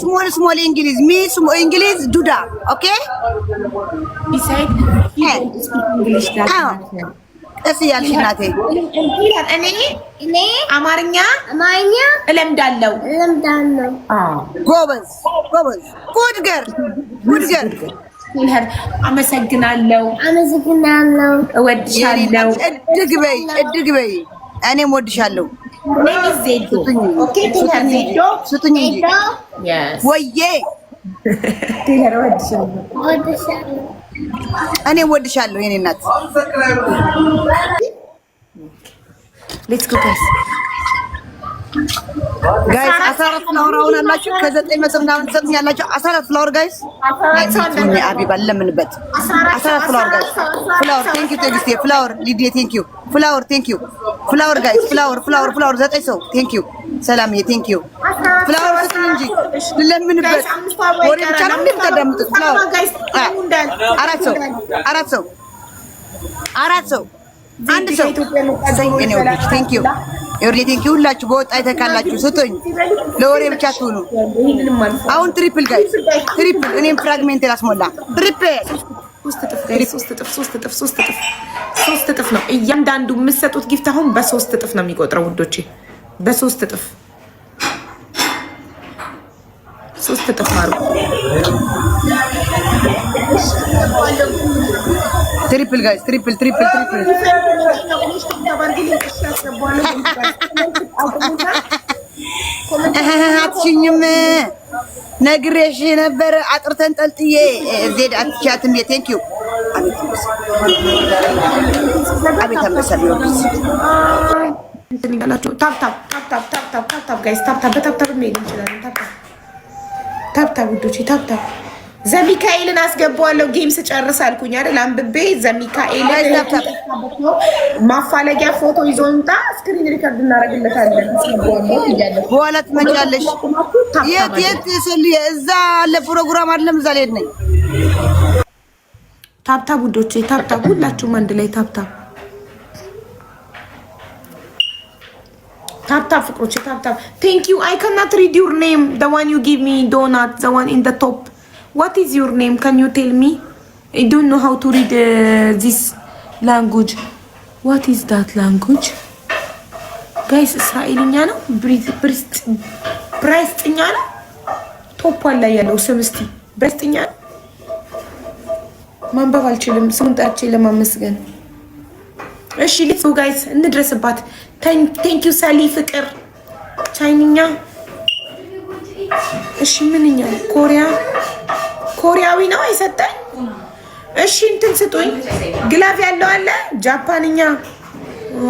ስሞል ስሞል እንግሊዝ ሚ እንግሊዝ ዱዳ ኦኬ ቀስ እያልሽ እናቴ እኔ አማርኛ አማርኛ እለምዳለሁ እለምዳለሁ። ጎበዝ ጎበዝ። ጉድ ገር ጉድ ገር። አመሰግናለሁ አመሰግናለሁ። እወድሻለሁ። እድግ በይ እድግ በይ። እኔም እወድሻለሁ። እኔ ወድሻለሁ የኔ እናት ጋይስ አስራ አራት ፍላወር አሁን አላችሁ ከዘጠኝ መቶ ምናምን ሰጥ ያላችሁ አስራ አራት ፍላወር ጋይስ አቢባ ለምንበት አስራ አራት ፍላወር ጋይስ ፍላወር ቴንክ ዩ ቴንክ ዩ ፍላወር ሊዲዬ ቴንክ ዩ ፍላወር ቴንክ ዩ ፍላወር ጋይስ ፍላወር ፍላወር ፍላወር ዘጠኝ ሰው ቴንክ ዩ ሰላምዬ ቴንክ ዩ ፍላወር ስጥ እንጂ ለምንበት ወሬ ብቻ ነው የምታዳምጡት ፍላወር አራት ሰው አራት ሰው አራት ሰው አንድ ሰው ቴንክ ዩ ዮርዴቴንኪ ሁላችሁ በወጣ የተካላችሁ ስቶኝ ለወሬ ብቻ ትሆኑ። አሁን ትሪፕል ጋይ ትሪፕል እኔም ፍራግሜንት ላስሞላ ትሪፕል ሶስት እጥፍ ነው እያንዳንዱ የምትሰጡት ጊፍት። አሁን በሶስት እጥፍ ነው የሚቆጥረው ውዶቼ፣ በሶስት እጥፍ ሶስት እጥፍ አድርጉ። Triple guys, triple, triple, triple. አትሽኝም ነግሬሽ ነበር። አጥር ተንጠልጥዬ ዜድ አትቻትም። የቴንክ ዩ አቤት አንበሳ ቢወዱስ ትልኛላችሁ። ታፕ ታፕ ታፕ ታፕ ታፕ ታፕ ታፕ ጋይስ ታፕ ታፕ በታፕ ታፕ መሄድ እንችላለን። ታፕ ታፕ ታፕ ታፕ ውዶቼ ታፕ ታፕ ዘሚካኤልን አስገባዋለሁ ጌም ስጨርስ አልኩኝ አይደል? አንብቤ ዘሚካኤልን ማፋለጊያ ፎቶ ይዞ ይምጣ፣ ስክሪን ሪከርድ እናደርግለታለን። በኋላ ትመጫለሽ። የት የት ስል እዛ አለ ፕሮግራም አይደለም፣ እዛ ልሄድ ነኝ። ታብታብ ውዶቼ፣ ታብታብ፣ ሁላችሁም አንድ ላይ ታብታብ፣ ታብታብ ፍቅሮቼ፣ ታብታብ። ቴንክ ዩ አይ ካናት ሪድ ዩር ኔም ዘ ዋን ዩ ጊቭ ሚ ዶናት ዘ ዋን ኢን ዘ ቶፕ ዋት ኢዝ ዩር ኔም ካን ዩ ቴል ሚ አይ ዶንት ኖ ሃው ቱ ሪድ ዚስ ላንጉጅ ዋት ኢዝ ዳት ላንጉጅ ጋይስ እስራኤልኛ ነው ብራይስጥኛ ነው ቶፓል ላይ ያለው ስም እስቲ ብራይስጥኛ ነው ማንበብ አልችልም ስሙን ጠርቼ ለማመስገን እሺ ሌትስ ጋይስ እንድረስባት ቴንኪዩ ሳሊ ፍቅር ቻይንኛ እሺ ምንኛ ኮሪያ ኮሪያዊ ነው የሰጠኝ። እሺ እንትን ስጡኝ። ግላፍ ያለው አለ ጃፓንኛ።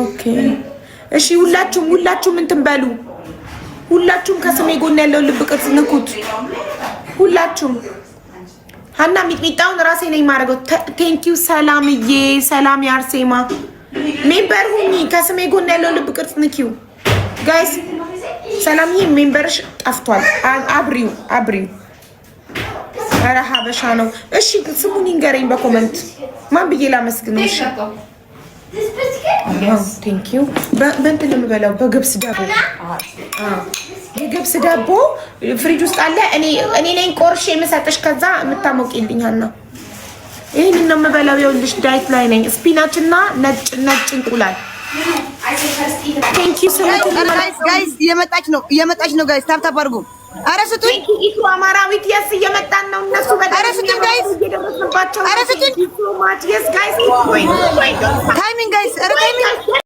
ኦኬ እሺ። ሁላችሁም ሁላችሁም እንትን በሉ። ሁላችሁም ከስሜ ጎን ያለው ልብ ቅርጽ ንኩት። ሁላችሁም ሀና ሚጥሚጣውን ራሴ ነኝ የማደርገው። ቴንኪው ሰላምዬ፣ ሰላም ያርሴማ ሜምበር ሁኚ። ከስሜ ጎን ያለው ልብ ቅርጽ ንኪው ጋይስ። ሰላምዬ ሜምበርሽ ጠፍቷል። አብሪው አብሪው ኧረ ሀበሻ ነው። እሺ ስሙን ይንገረኝ በኮመንት ማን ብዬ ላመስግን? እሺ ቴንኪዩ። በእንትን ነው የምበላው፣ በገብስ ዳቦ የገብስ ዳቦ ፍሪጅ ውስጥ አለ። እኔ ነኝ ቆርሼ የምሰጥሽ፣ ከዛ የምታሞቂልኝ ሀና። ይህንን ነው የምበላው። ይኸውልሽ ዳይት ላይ ነኝ። ስፒናች እና ነጭ ነጭ እንቁላል ቴንኪዩ። ጋይስ እየመጣች ነው፣ እየመጣች ነው ጋይስ፣ ታፕታፕ አድርጉ ኧረ ስጡኝ። ኢትዮ አማራዊት የስ እየመጣን ነው። እነሱ ኧረ ስጡኝ ጋይስ፣ ስጡኝ ታይሚንግ ጋይስ